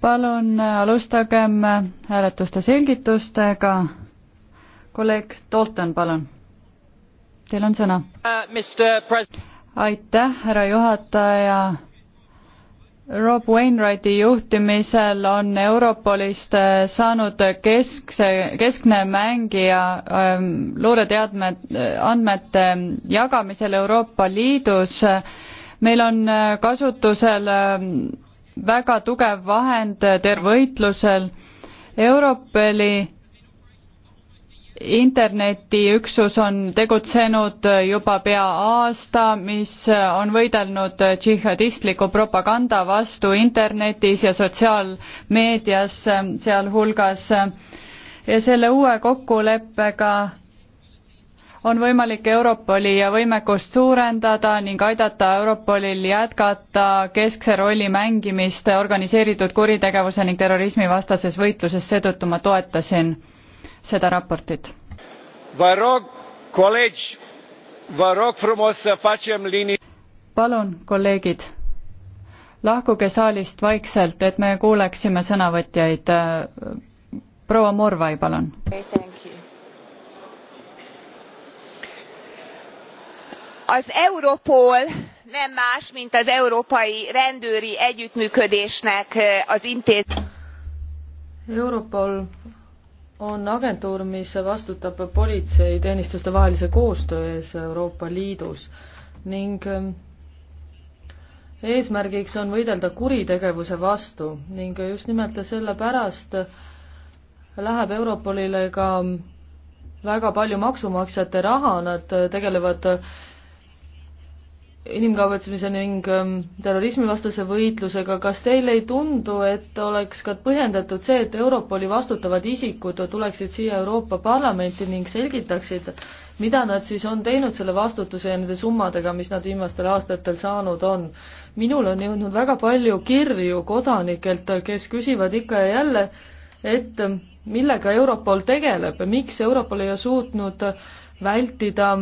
palun äh, alustagem äh, hääletuste selgitustega. kolleeg Dalton, palun. Teil on sõna. Uh, aitäh, härra juhataja Rob Wainwrighti juhtimisel on Europolist äh, saanud keskse, keskne mängija ähm, luureteadmed, andmete jagamisel Euroopa Liidus äh, meil on äh, kasutusel äh, väga tugev vahend äh, tervõitlusel, Europoli internetiüksus on tegutsenud juba pea aasta, mis on võidelnud džihadistliku propaganda vastu internetis ja sotsiaalmeedias sealhulgas ja selle uue kokkuleppega on võimalik Europoli võimekust suurendada ning aidata Europolil jätkata keskse rolli mängimist organiseeritud kuritegevuse ning terrorismi vastases võitluses, seetõttu ma toetasin seda raportit. palun, kolleegid, lahkuge saalist vaikselt, et me kuuleksime sõnavõtjaid. proua Morvai, palun okay,. az europol nem más mint az európai rendőri együttműködésnek az intézménye on agentuur, mis vastutab politseiteenistuste vahelise koostöö ees Euroopa Liidus ning ähm, eesmärgiks on võidelda kuritegevuse vastu ning just nimelt sellepärast läheb Europolile ka väga palju maksumaksjate raha, nad tegelevad inimkaubitsemise ning ähm, terrorismivastase võitlusega, kas teile ei tundu, et oleks ka põhjendatud see, et Europoli vastutavad isikud tuleksid siia Euroopa Parlamenti ning selgitaksid, mida nad siis on teinud selle vastutuse ja nende summadega, mis nad viimastel aastatel saanud on? minul on jõudnud väga palju kirju kodanikelt, kes küsivad ikka ja jälle, et ähm, millega Europol tegeleb ja miks Europol ei ole suutnud vältida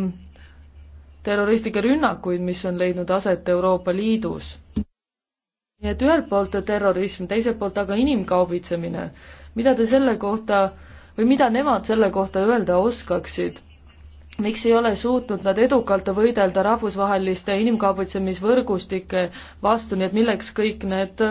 terroristlikke rünnakuid, mis on leidnud aset Euroopa Liidus. nii et ühelt poolt terrorism, teiselt poolt aga inimkaubitsemine. mida te selle kohta või mida nemad selle kohta öelda oskaksid? miks ei ole suutnud nad edukalt võidelda rahvusvaheliste inimkaubitsemisvõrgustike vastu, nii et milleks kõik need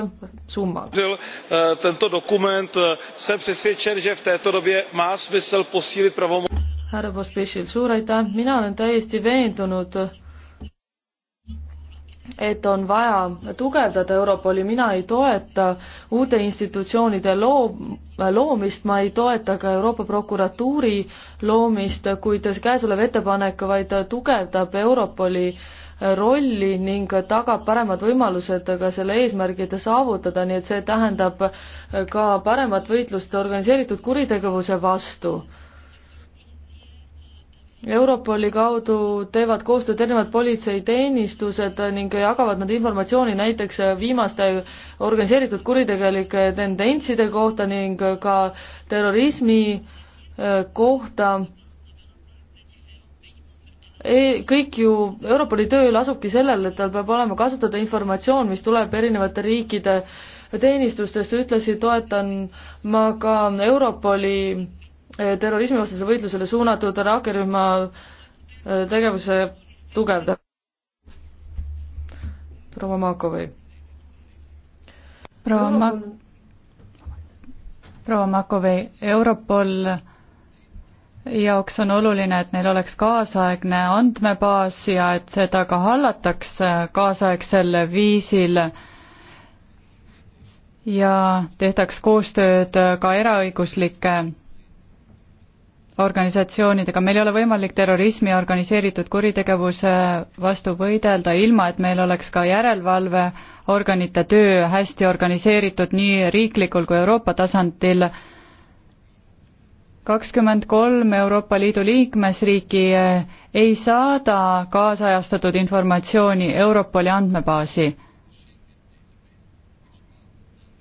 summad? Eh, tento dokument eh, jsem přesvědčen že v této době má smysl posílit pravomoci härra Pospišil, suur aitäh, mina olen täiesti veendunud, et on vaja tugevdada Europoli, mina ei toeta uute institutsioonide loo-, loomist, ma ei toeta ka Euroopa prokuratuuri loomist, kuid käesolev ettepanek vaid tugevdab Europoli rolli ning tagab paremad võimalused ka selle eesmärgide saavutada, nii et see tähendab ka paremat võitlust organiseeritud kuritegevuse vastu Europoli kaudu teevad koostööd erinevad politseiteenistused ning jagavad nad informatsiooni näiteks viimaste organiseeritud kuritegelike tendentside kohta ning ka terrorismi äh, kohta e,. kõik ju, Europoli tööl asubki sellel, et tal peab olema kasutada informatsioon, mis tuleb erinevate riikide teenistustest, ühtlasi toetan ma ka Europoli terrorismivastase võitlusele suunatud rakkerühma äh, tegevuse tugevda-. proua Makovõi. proua Ma-, proua Makovõi, Europol jaoks on oluline, et neil oleks kaasaegne andmebaas ja et seda ka hallataks äh, kaasaegsel viisil ja tehtaks koostööd äh, ka eraõiguslike organisatsioonidega, meil ei ole võimalik terrorismi ja organiseeritud kuritegevuse vastu võidelda, ilma et meil oleks ka järelevalveorganite töö hästi organiseeritud nii riiklikul kui Euroopa tasandil. kakskümmend kolm Euroopa Liidu liikmesriiki ei saada kaasajastatud informatsiooni Europoli andmebaasi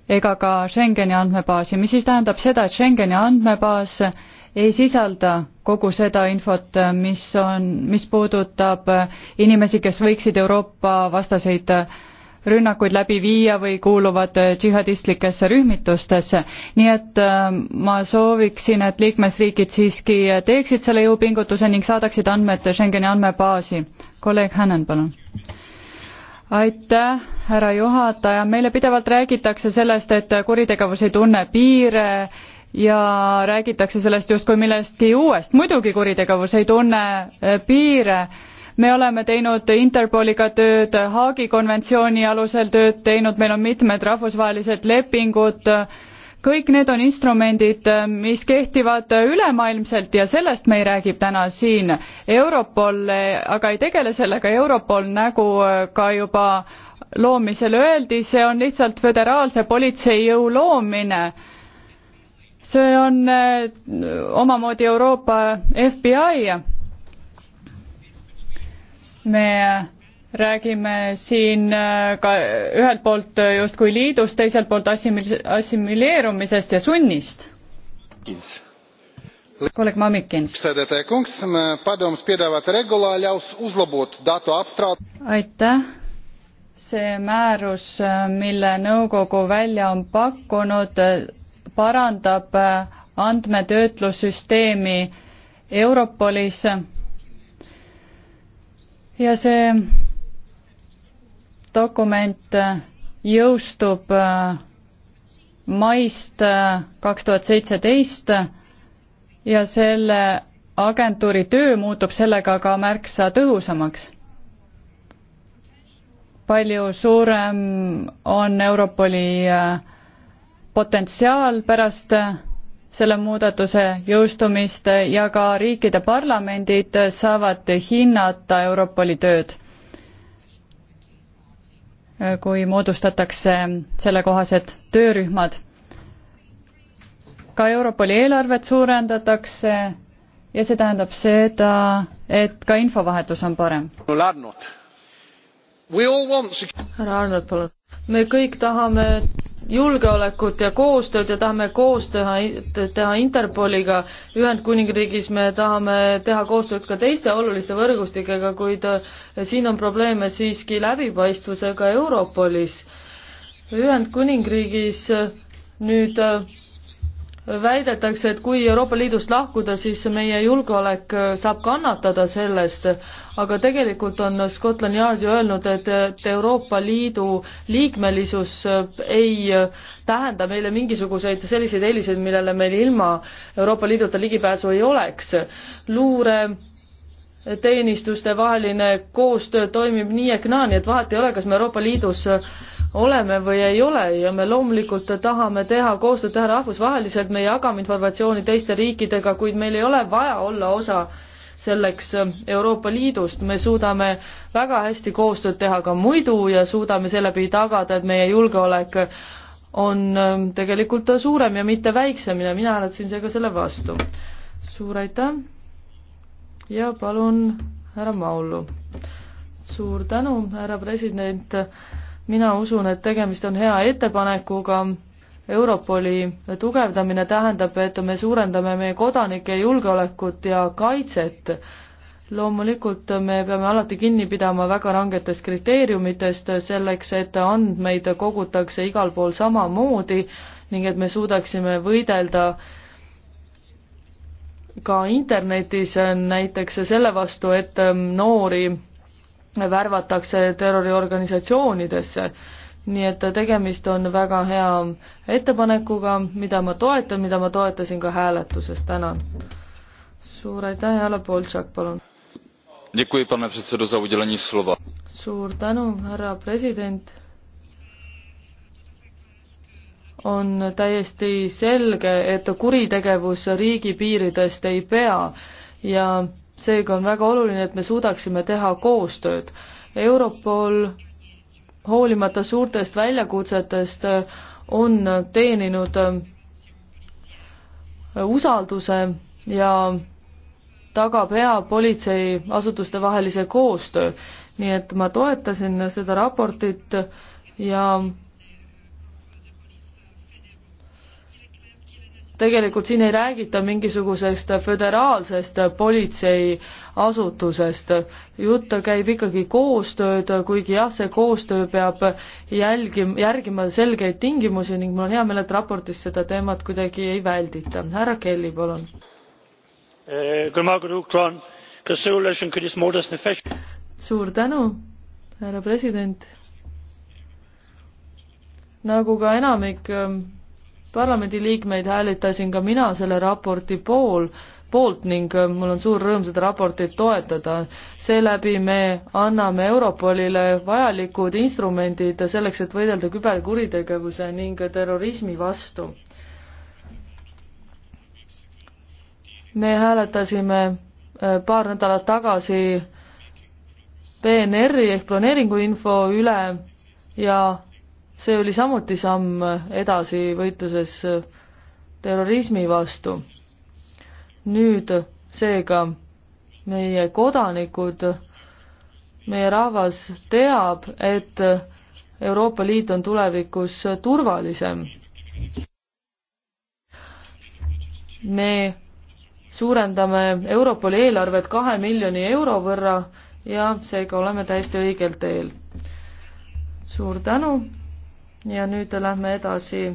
ega ka Schengeni andmebaasi, mis siis tähendab seda, et Schengeni andmebaas ei sisalda kogu seda infot, mis on, mis puudutab inimesi, kes võiksid Euroopa vastaseid rünnakuid läbi viia või kuuluvad džihadistlikesse rühmitustesse. nii et äh, ma sooviksin, et liikmesriigid siiski teeksid selle jõupingutuse ning saadaksid andmed Schengeni andmebaasi. kolleeg Hänen, palun. aitäh, härra juhataja, meile pidevalt räägitakse sellest, et kuritegevus ei tunne piire ja räägitakse sellest justkui millestki uuest. muidugi kuritegevus ei tunne eh, piire. me oleme teinud Interpoliga tööd, Haagi konventsiooni alusel tööd teinud, meil on mitmed rahvusvahelised lepingud, kõik need on instrumendid, eh, mis kehtivad ülemaailmselt ja sellest me ei räägi täna siin. Europol eh, aga ei tegele sellega, Europol nagu ka juba loomisel öeldi, see on lihtsalt föderaalse politseijõu loomine see on äh, omamoodi Euroopa FBI. me räägime siin äh, ka ühelt poolt justkui liidust, teiselt poolt assimil-, assimileerumisest ja sunnist. kolleeg Mamikins. aitäh, see määrus, mille nõukogu välja on pakkunud, parandab äh, andmetöötlussüsteemi Europolis ja see dokument äh, jõustub äh, maist kaks tuhat seitseteist ja selle agentuuri töö muutub sellega ka märksa tõhusamaks. palju suurem on Europoli äh, potentsiaal pärast äh, selle muudatuse jõustumist ja ka riikide parlamendid saavad hinnata Europoli tööd, äh, kui moodustatakse sellekohased töörühmad. ka Europoli eelarvet suurendatakse ja see tähendab seda, et ka infovahetus on parem. härra Arnold, palun. me kõik tahame julgeolekut ja koostööd ja tahame koostööd teha Interpoliga Ühendkuningriigis, me tahame teha koostööd ka teiste oluliste võrgustikega, kuid eh, siin on probleeme siiski läbipaistvusega Europolis. Ühendkuningriigis eh, nüüd eh, väidetakse, et kui Euroopa Liidust lahkuda, siis meie julgeolek äh, saab kannatada sellest, aga tegelikult on Scotland Yard ju öelnud, et, et Euroopa Liidu liikmelisus äh, ei äh, tähenda meile mingisuguseid selliseid eeliseid, millele meil ilma Euroopa Liiduta ligipääsu ei oleks. luure teenistuste vaheline koostöö toimib nii ehk naa, nii et vahet ei ole, kas me Euroopa Liidus oleme või ei ole ja me loomulikult tahame teha koostööd, teha rahvusvaheliselt, me jagame informatsiooni teiste riikidega, kuid meil ei ole vaja olla osa selleks Euroopa Liidust, me suudame väga hästi koostööd teha ka muidu ja suudame seeläbi tagada, et meie julgeolek on ähm, tegelikult suurem ja mitte väiksem ja mina hääletasin seega selle vastu. suur aitäh ja palun härra Maulu. suur tänu, härra president mina usun, et tegemist on hea ettepanekuga, Europoli tugevdamine tähendab, et me suurendame meie kodanike julgeolekut ja kaitset. loomulikult me peame alati kinni pidama väga rangetest kriteeriumitest selleks, et andmeid kogutakse igal pool samamoodi ning et me suudaksime võidelda ka internetis näiteks selle vastu, et noori värvatakse terroriorganisatsioonidesse. nii et tegemist on väga hea ettepanekuga, mida ma toetan, mida ma toetasin ka hääletuses, tänan. suur aitäh, Jana Boltšak, palun. suur tänu, härra president. on täiesti selge, et kuritegevus riigipiiridest ei pea ja seega on väga oluline, et me suudaksime teha koostööd. Europol hoolimata suurtest väljakutsetest on teeninud äh, usalduse ja tagab hea politseiasutuste vahelise koostöö. nii et ma toetasin seda raportit ja tegelikult siin ei räägita mingisugusest föderaalsest politseiasutusest, jutt käib ikkagi koostööd, kuigi jah, see koostöö peab jälgim-, järgima selgeid tingimusi ning mul on hea meel, et raportis seda teemat kuidagi ei väldita. härra Kelly, palun. suur tänu, härra president. nagu ka enamik ähm, parlamendiliikmeid hääletasin ka mina selle raporti pool, poolt ning äh, mul on suur rõõm seda raportit toetada. seeläbi me anname Europolile vajalikud instrumendid selleks, et võidelda küberkuritegevuse ning terrorismi vastu. me hääletasime äh, paar nädalat tagasi PNR-i ehk broneeringuinfo üle ja see oli samuti samm edasi võitluses terrorismi vastu. nüüd seega meie kodanikud, meie rahvas teab, et Euroopa Liit on tulevikus turvalisem. me suurendame Europoli eelarvet kahe miljoni euro võrra ja seega oleme täiesti õigel teel. suur tänu ja nüüd lähme edasi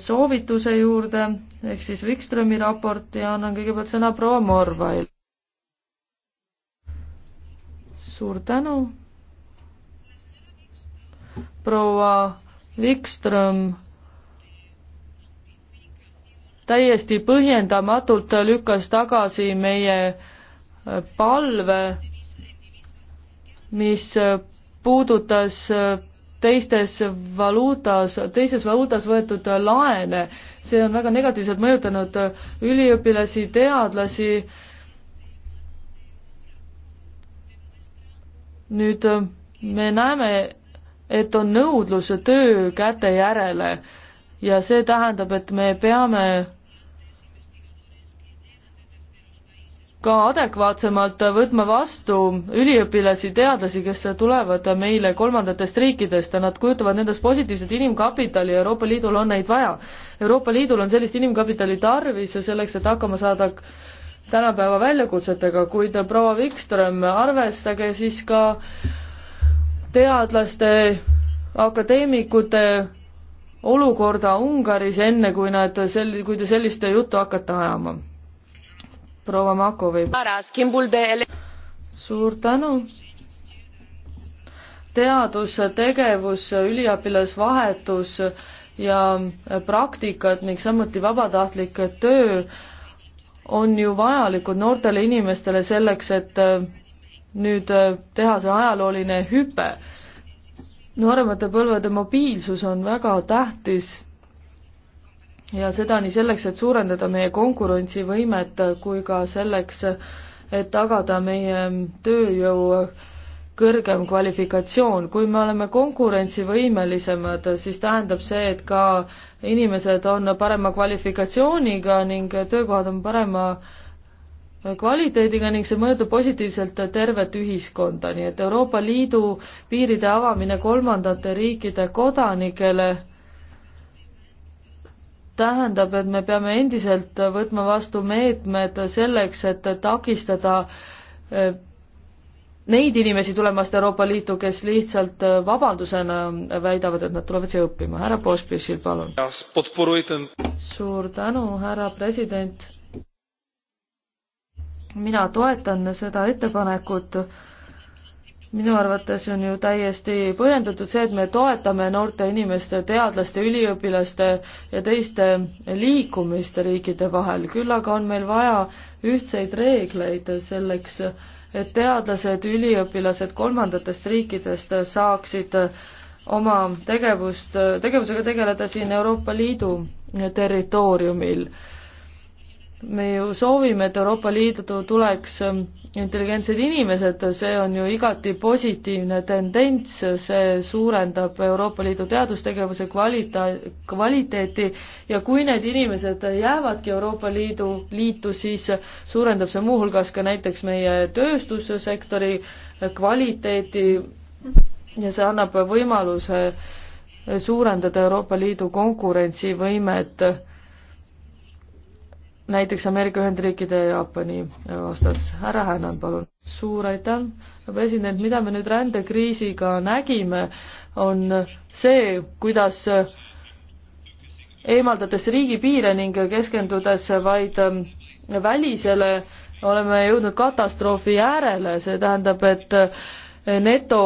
soovituse juurde ehk siis Wikströmi raport ja annan kõigepealt sõna proua Morvail. suur tänu. proua Wikström täiesti põhjendamatult lükkas tagasi meie palve, mis puudutas äh, teistes valuutas, teises valuutas võetud äh, laene. see on väga negatiivselt mõjutanud äh, üliõpilasi, teadlasi. nüüd me näeme, et on nõudlus töökäte järele ja see tähendab, et me peame ka adekvaatsemalt võtma vastu üliõpilasi, teadlasi, kes tulevad meile kolmandatest riikidest ja nad kujutavad endast positiivset inimkapitali ja Euroopa Liidul on neid vaja. Euroopa Liidul on sellist inimkapitali tarvis ja selleks, et hakkama saada tänapäeva väljakutsetega, kuid proua Wikström, arvestage siis ka teadlaste, akadeemikute olukorda Ungaris, enne kui nad sel-, kui te sellist juttu hakkate ajama proua Makovei. suur tänu. teadustegevus, üliõpilasvahetus ja praktikad ning samuti vabatahtlik töö on ju vajalikud noortele inimestele selleks, et nüüd teha see ajalooline hüpe. nooremate põlvede mobiilsus on väga tähtis ja seda nii selleks, et suurendada meie konkurentsivõimet, kui ka selleks, et tagada meie tööjõu kõrgem kvalifikatsioon, kui me oleme konkurentsivõimelisemad, siis tähendab see, et ka inimesed on parema kvalifikatsiooniga ning töökohad on parema kvaliteediga ning see mõjutab positiivselt tervet ühiskonda, nii et Euroopa Liidu piiride avamine kolmandate riikide kodanikele tähendab, et me peame endiselt võtma vastu meetmed selleks, et takistada eh, neid inimesi tulemast Euroopa Liitu, kes lihtsalt eh, vabandusena väidavad, et nad tulevad siia õppima. härra Pospišil, palun. suur tänu, härra president. mina toetan seda ettepanekut minu arvates on ju täiesti põhjendatud see, et me toetame noorte inimeste, teadlaste, üliõpilaste ja teiste liikumist riikide vahel, küll aga on meil vaja ühtseid reegleid selleks, et teadlased, üliõpilased kolmandatest riikidest saaksid oma tegevust, tegevusega tegeleda siin Euroopa Liidu territooriumil me ju soovime, et Euroopa Liidu tuleks intelligentsed inimesed, see on ju igati positiivne tendents, see suurendab Euroopa Liidu teadustegevuse kvalita-, kvaliteeti ja kui need inimesed jäävadki Euroopa Liidu liitu, siis suurendab see muuhulgas ka näiteks meie tööstussektori kvaliteeti ja see annab võimaluse suurendada Euroopa Liidu konkurentsivõimet näiteks Ameerika Ühendriikide ja Jaapani äh, vastas. härra Hännan, palun. suur aitäh, president, mida me nüüd rändekriisiga nägime, on see, kuidas äh, eemaldades riigipiire ning keskendudes vaid äh, välisele, oleme jõudnud katastroofi äärele, see tähendab, et neto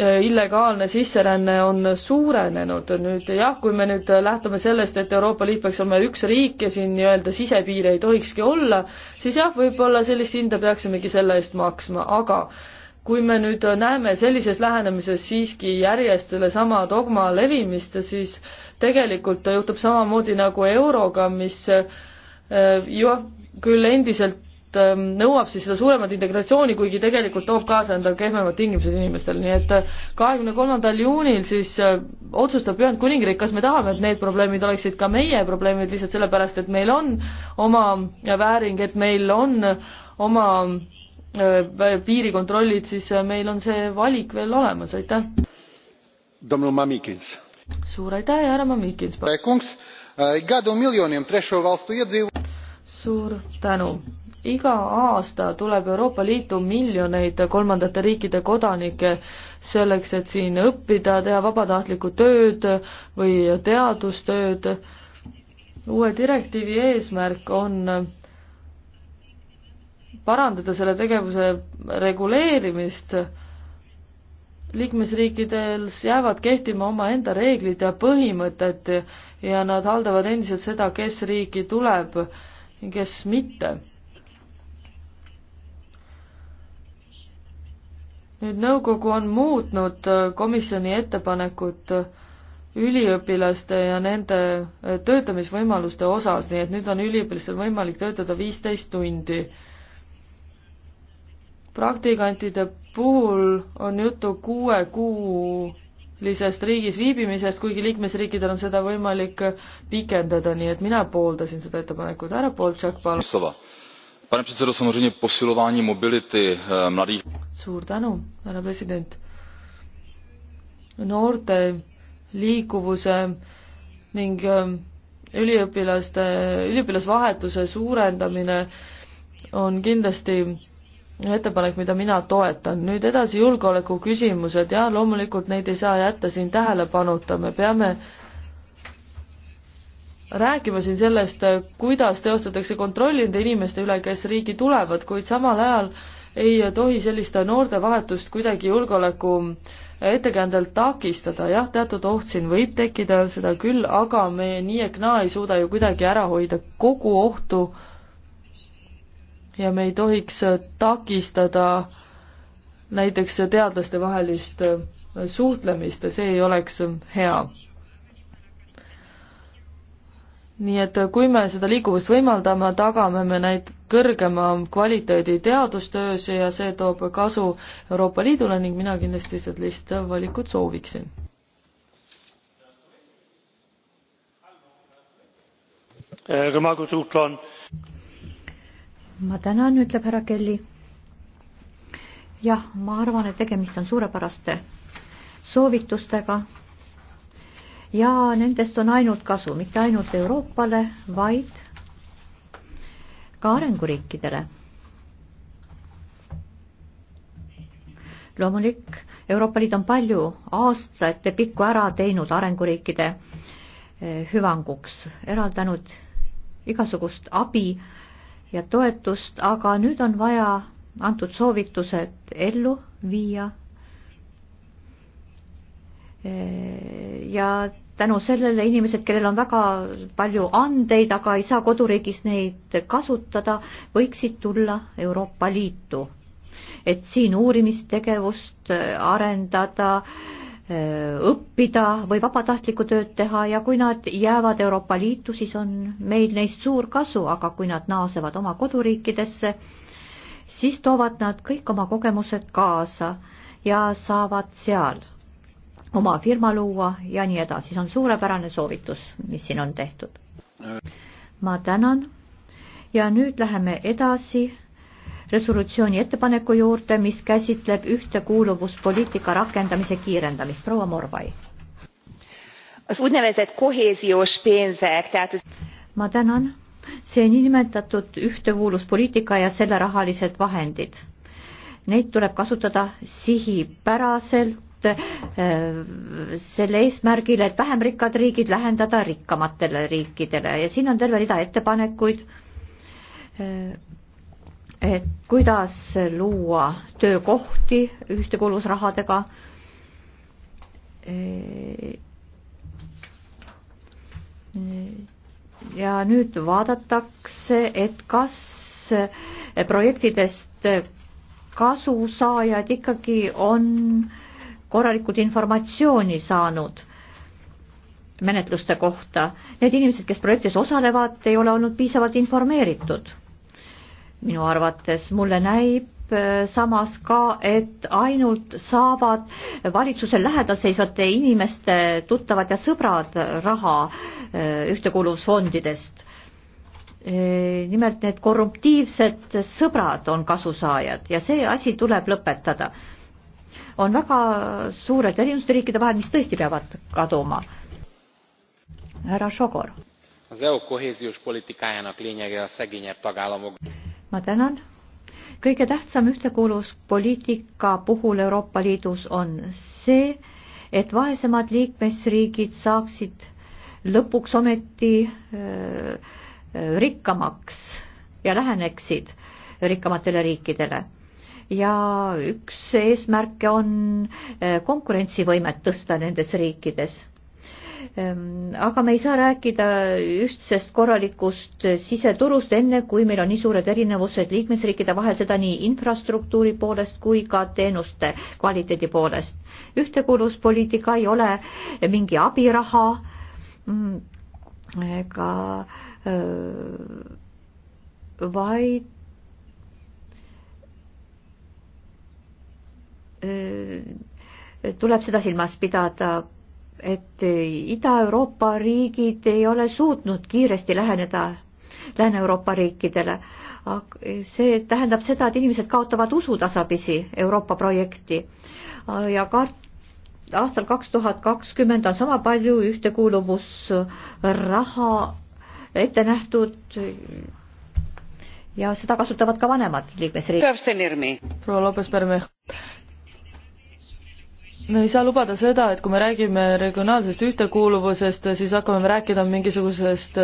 Äh, illegaalne sisseränne on suurenenud nüüd jah, kui me nüüd lähtume sellest, et Euroopa Liit peaks olema üks riik ja siin nii-öelda sisepiire ei tohikski olla, siis jah, võib-olla sellist hinda peaksimegi selle eest maksma, aga kui me nüüd näeme sellises lähenemises siiski järjest sellesama dogma levimist, siis tegelikult juhtub samamoodi nagu euroga, mis jah, äh, küll endiselt Ähm, nõuab siis seda suuremat integratsiooni, kuigi tegelikult toob kaasa endal kehvemad tingimused inimestele, nii et äh, kahekümne kolmandal juunil siis äh, otsustab Ühendkuningriik, kas me tahame, et need probleemid oleksid ka meie probleemid lihtsalt sellepärast, et meil on oma vääring, et meil on oma äh, piirikontrollid, siis meil on see valik veel olemas, aitäh. suur aitäh ja härra Mamikins. suur tänu iga aasta tuleb Euroopa Liitu miljoneid kolmandate riikide kodanikke selleks, et siin õppida, teha vabatahtlikku tööd või teadustööd. uue direktiivi eesmärk on parandada selle tegevuse reguleerimist, liikmesriikidel jäävad kehtima omaenda reeglid ja põhimõtted ja nad haldavad endiselt seda, kes riiki tuleb, kes mitte nüüd nõukogu on muutnud äh, komisjoni ettepanekut äh, üliõpilaste ja nende äh, töötamisvõimaluste osas, nii et nüüd on üliõpilastel võimalik töötada viisteist tundi. praktikantide puhul on juttu kuue kuu lisest riigis viibimisest, kuigi liikmesriikidel on seda võimalik pikendada, nii et mina pooldasin seda ettepanekut, härra Poltšak, palun pane předsedo samozřejmě posilování mobility eh, mladých. suur tänu härra president noorte liikuvuse ning eh, üliõpilaste üliõpilasvahetuse suurendamine on kindlasti ettepanek, mida mina toetan. nüüd edasi julgeoleku küsimused, jah, loomulikult neid ei saa jätta siin tähelepanuta, me peame rääkima siin sellest, kuidas teostatakse kontrolli nende inimeste üle, kes riigi tulevad, kuid samal ajal ei tohi sellist noortevahetust kuidagi julgeoleku ettekäändel takistada, jah, teatud oht siin võib tekkida, seda küll, aga me nii ehk naa ei suuda ju kuidagi ära hoida kogu ohtu ja me ei tohiks takistada näiteks teadlastevahelist suhtlemist ja see ei oleks hea nii et äh, kui me seda liikuvust võimaldame, tagame me neid kõrgema kvaliteedi teadustöös ja see toob kasu Euroopa Liidule ning mina kindlasti sellist äh, valikut sooviksin. Äh, ma tänan, ütleb härra Kelly. jah, ma arvan, et tegemist on suurepäraste soovitustega ja nendest on ainult kasu, mitte ainult Euroopale, vaid ka arenguriikidele. loomulik, Euroopa Liit on palju aastate pikku ära teinud arenguriikide eh, hüvanguks, eraldanud igasugust abi ja toetust, aga nüüd on vaja antud soovitused ellu viia eh, ja tänu sellele inimesed, kellel on väga palju andeid, aga ei saa koduriigis neid kasutada, võiksid tulla Euroopa Liitu. et siin uurimistegevust äh, arendada, äh, õppida või vabatahtlikku tööd teha ja kui nad jäävad Euroopa Liitu, siis on meil neist suur kasu, aga kui nad naasevad oma koduriikidesse, siis toovad nad kõik oma kogemused kaasa ja saavad seal oma firma luua ja nii edasi, see on suurepärane soovitus, mis siin on tehtud. ma tänan ja nüüd läheme edasi resolutsiooni ettepaneku juurde, mis käsitleb ühtekuuluvuspoliitika rakendamise kiirendamist, proua Morvai. ma tänan, see niinimetatud ühtekuuluvuspoliitika ja selle rahalised vahendid. Neid tuleb kasutada sihipäraselt Äh, selle eesmärgil, et vähem rikkad riigid lähendada rikkamatele riikidele ja siin on terve rida ettepanekuid, äh, et kuidas luua töökohti ühtekuuluvusrahadega äh, ja nüüd vaadatakse, et kas projektidest kasusaajad ikkagi on äh, korralikult informatsiooni saanud menetluste kohta. Need inimesed, kes projektis osalevad, ei ole olnud piisavalt informeeritud. minu arvates mulle näib äh, samas ka, et ainult saavad valitsuse lähedal seisvate inimeste tuttavad ja sõbrad raha äh, ühtekuuluvusfondidest. Äh, nimelt need korruptiivsed sõbrad on kasusaajad ja see asi tuleb lõpetada on väga suured erinevused riikide vahel, mis tõesti peavad kaduma. härra Sogor. az EU kohéziós politikájának lényege a szegényebb tagállamok. ma tänan. kõige tähtsam ühtekuuluvuspoliitika puhul Euroopa Liidus on see, et vaesemad liikmesriigid saaksid lõpuks ometi öö, äh, rikkamaks ja läheneksid rikkamatele riikidele ja üks eesmärke on eh, konkurentsivõimet tõsta nendes riikides ehm, aga me ei saa rääkida ühtsest korralikust siseturust enne, kui meil on nii suured erinevused liikmesriikide vahel, seda nii infrastruktuuri poolest kui ka teenuste kvaliteedi poolest. ühtekuuluvuspoliitika ei ole mingi abiraha mm, ega vaid tuleb seda silmas pidada, et Ida-Euroopa riigid ei ole suutnud kiiresti läheneda Lääne-Euroopa riikidele. see tähendab seda, et inimesed kaotavad usu tasapisi Euroopa projekti ja kart-, aastal kaks tuhat kakskümmend on sama palju ühtekuuluvusraha ette nähtud ja seda kasutavad ka vanemad liikmesriigid. proua Lopes-Pärme, me ei saa lubada seda, et kui me räägime regionaalsest ühtekuuluvusest, siis hakkame rääkida mingisugusest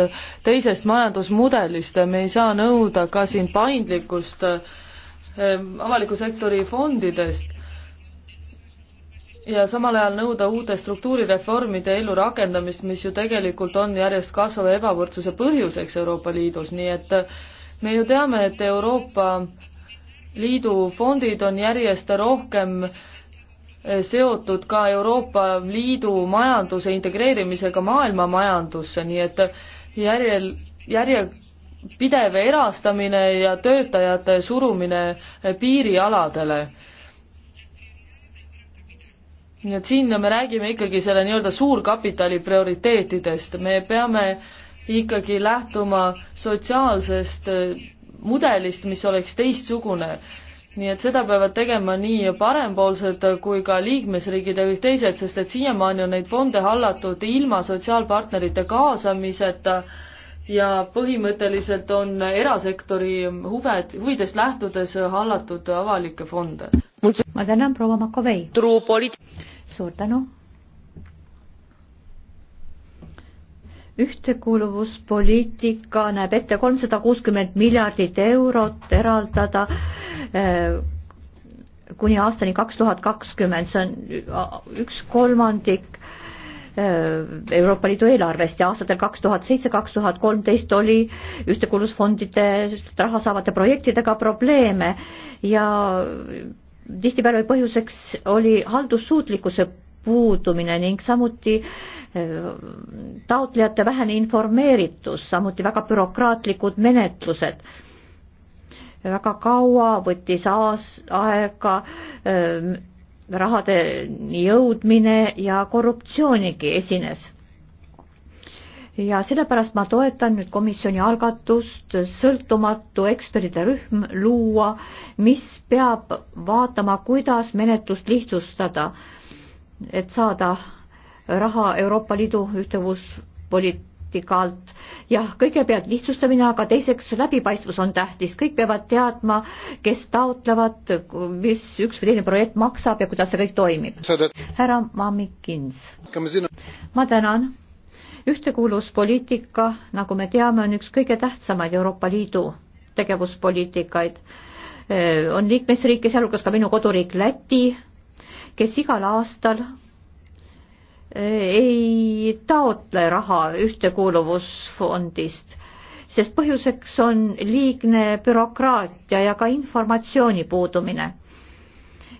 teisest majandusmudelist, me ei saa nõuda ka siin paindlikkust ehm, avaliku sektori fondidest ja samal ajal nõuda uute struktuurireformide ellurakendamist, mis ju tegelikult on järjest kasvava ebavõrdsuse põhjuseks Euroopa Liidus, nii et me ju teame, et Euroopa Liidu fondid on järjest rohkem äh, seotud ka Euroopa Liidu majanduse integreerimisega maailma majandusse, nii et järjel, järjepidev erastamine ja töötajate surumine piirialadele. nii et siin me räägime ikkagi selle nii-öelda suurkapitali prioriteetidest, me peame ikkagi lähtuma sotsiaalsest mudelist, mis oleks teistsugune nii et seda peavad tegema nii parempoolsed kui ka liikmesriigid ja kõik teised, sest et siiamaani on neid fonde hallatud ilma sotsiaalpartnerite kaasamiseta ja põhimõtteliselt on erasektori huved, huvidest lähtudes hallatud avalikke fonde. ma tänan, proua Makovei. suur tänu ühtekuuluvuspoliitika näeb ette kolmsada kuuskümmend miljardit eurot eraldada eh, kuni aastani kaks tuhat kakskümmend, see on üks kolmandik eh, Euroopa Liidu eelarvest ja aastatel kaks tuhat seitse, kaks tuhat kolmteist oli ühtekuuluvusfondidest raha saavate projektidega probleeme ja tihtipeale põhjuseks oli haldussuutlikkuse puudumine ning samuti eh, taotlejate vähene informeeritus, samuti väga bürokraatlikud menetlused. väga kaua võttis aas-, aega eh, rahade jõudmine ja korruptsioonigi esines. ja sellepärast ma toetan nüüd komisjoni algatust sõltumatu ekspertide rühm luua, mis peab vaatama, kuidas menetlust lihtsustada et saada raha Euroopa Liidu ühtevuspoliitika alt. jah, kõigepealt lihtsustamine, aga teiseks läbipaistvus on tähtis, kõik peavad teadma, kes taotlevad, mis üks või teine projekt maksab ja kuidas see kõik toimib. härra Mamikins. ma tänan. ühtekuuluvuspoliitika, nagu me teame, on üks kõige tähtsamaid Euroopa Liidu tegevuspoliitikaid. Eh, on liikmesriike, sealhulgas ka minu koduriik Läti kes igal aastal eh, ei taotle raha ühtekuuluvusfondist, sest põhjuseks on liigne bürokraatia ja ka informatsiooni puudumine.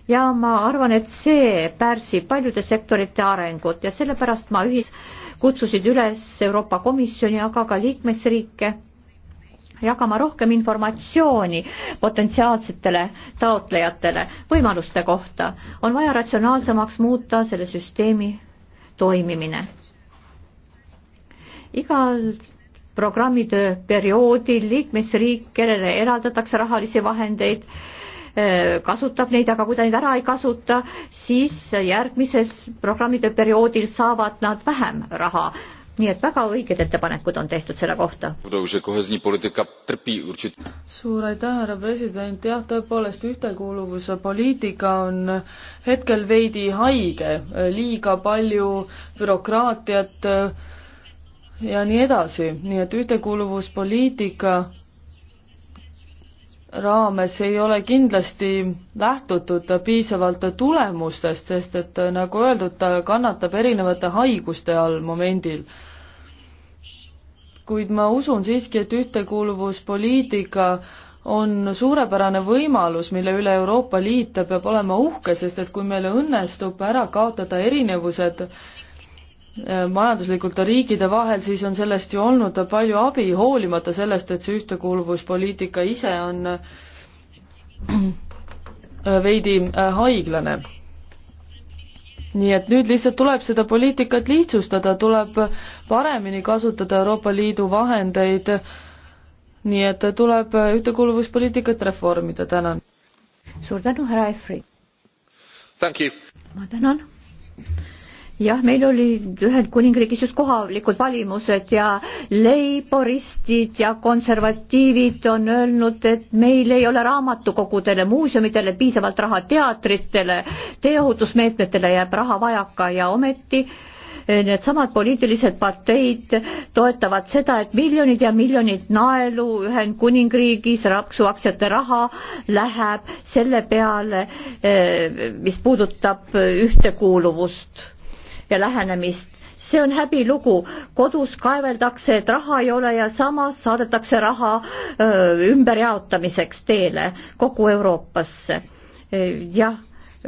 ja ma arvan, et see pärsib paljude sektorite arengut ja sellepärast ma ühis-, kutsusid üles Euroopa Komisjoni, aga ka liikmesriike jagama rohkem informatsiooni potentsiaalsetele taotlejatele võimaluste kohta. on vaja ratsionaalsemaks muuta selle süsteemi toimimine. igal programmitöö perioodil liikmesriik, kellele eraldatakse rahalisi vahendeid, eh, kasutab neid, aga kui ta neid ära ei kasuta, siis järgmises programmitöö perioodil saavad nad vähem raha nii et väga õiged ettepanekud on tehtud selle kohta. suur aitäh, härra president, jah, tõepoolest ühtekuuluvuse poliitika on hetkel veidi haige, liiga palju bürokraatiat ja nii edasi, nii et ühtekuuluvuspoliitika raames ei ole kindlasti lähtutud piisavalt tulemustest, sest et nagu öeldud, ta kannatab erinevate haiguste all momendil. kuid ma usun siiski, et ühtekuuluvuspoliitika on suurepärane võimalus, mille üle Euroopa Liit peab olema uhke, sest et kui meil õnnestub ära kaotada erinevused Äh, majanduslikult riikide vahel, siis on sellest ju olnud palju abi, hoolimata sellest, et see ühtekuuluvuspoliitika ise on äh, veidi äh, haiglane. nii et nüüd lihtsalt tuleb seda poliitikat lihtsustada, tuleb paremini kasutada Euroopa Liidu vahendeid, nii et tuleb ühtekuuluvuspoliitikat reformida, tänan. suur tänu, härra Efri! ma tänan! jah, meil olid Ühendkuningriigis just kohalikud valimused ja leiboristid ja konservatiivid on öelnud, et meil ei ole raamatukogudele, muuseumidele piisavalt raha, teatritele, teeohutusmeetmetele jääb raha vajaka ja ometi eh, needsamad poliitilised parteid toetavad seda, et miljonid ja miljonid naelu Ühendkuningriigis raksuaktsiate raha läheb selle peale, eh, mis puudutab ühtekuuluvust ja lähenemist. see on häbilugu, kodus kaeveldakse, et raha ei ole ja samas saadetakse raha öö, ümberjaotamiseks teele kogu Euroopasse. jah,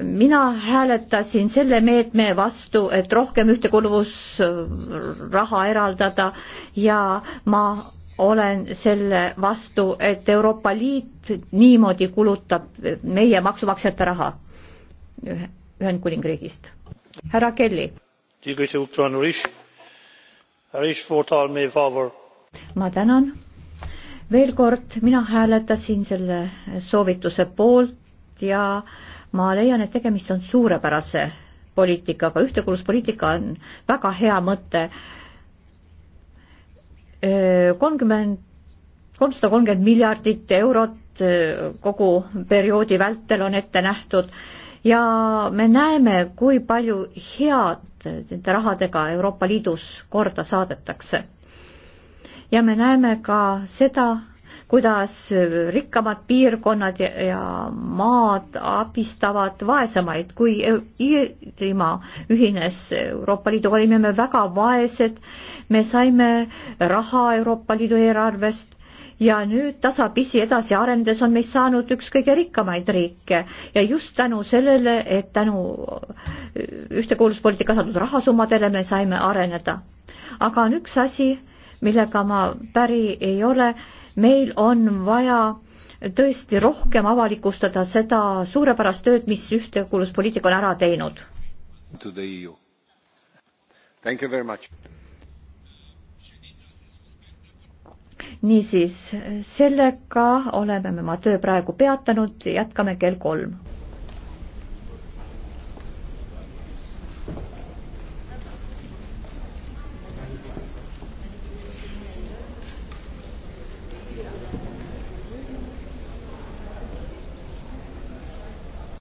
mina hääletasin selle meetme vastu, et rohkem ühtekuluvusraha eraldada ja ma olen selle vastu, et Euroopa Liit niimoodi kulutab meie maksumaksjate raha Ühendkuningriigist. härra Kelly ma tänan. veel kord, mina hääletasin selle soovituse poolt ja ma leian, et tegemist on suurepärase poliitikaga, ühtekuuluvuspoliitika on väga hea mõte. kolmkümmend, kolmsada kolmkümmend miljardit eurot kogu perioodi vältel on ette nähtud ja me näeme, kui palju head nende rahadega Euroopa Liidus korda saadetakse. ja me näeme ka seda, kuidas rikkamad piirkonnad ja, ja maad abistavad vaesemaid. kui Iirimaa ühines Euroopa Liiduga, olime me väga vaesed, me saime raha Euroopa Liidu eelarvest ja nüüd tasapisi edasi arenedes on meist saanud üks kõige rikkamaid riike ja just tänu sellele, et tänu ühtekuuluvuspoliitika saadud rahasummadele me saime areneda. aga on üks asi, millega ma päri ei ole, meil on vaja tõesti rohkem avalikustada seda suurepärast tööd, mis ühtekuuluvuspoliitika on ära teinud. niisiis, sellega oleme me oma töö praegu peatanud, jätkame kell kolm.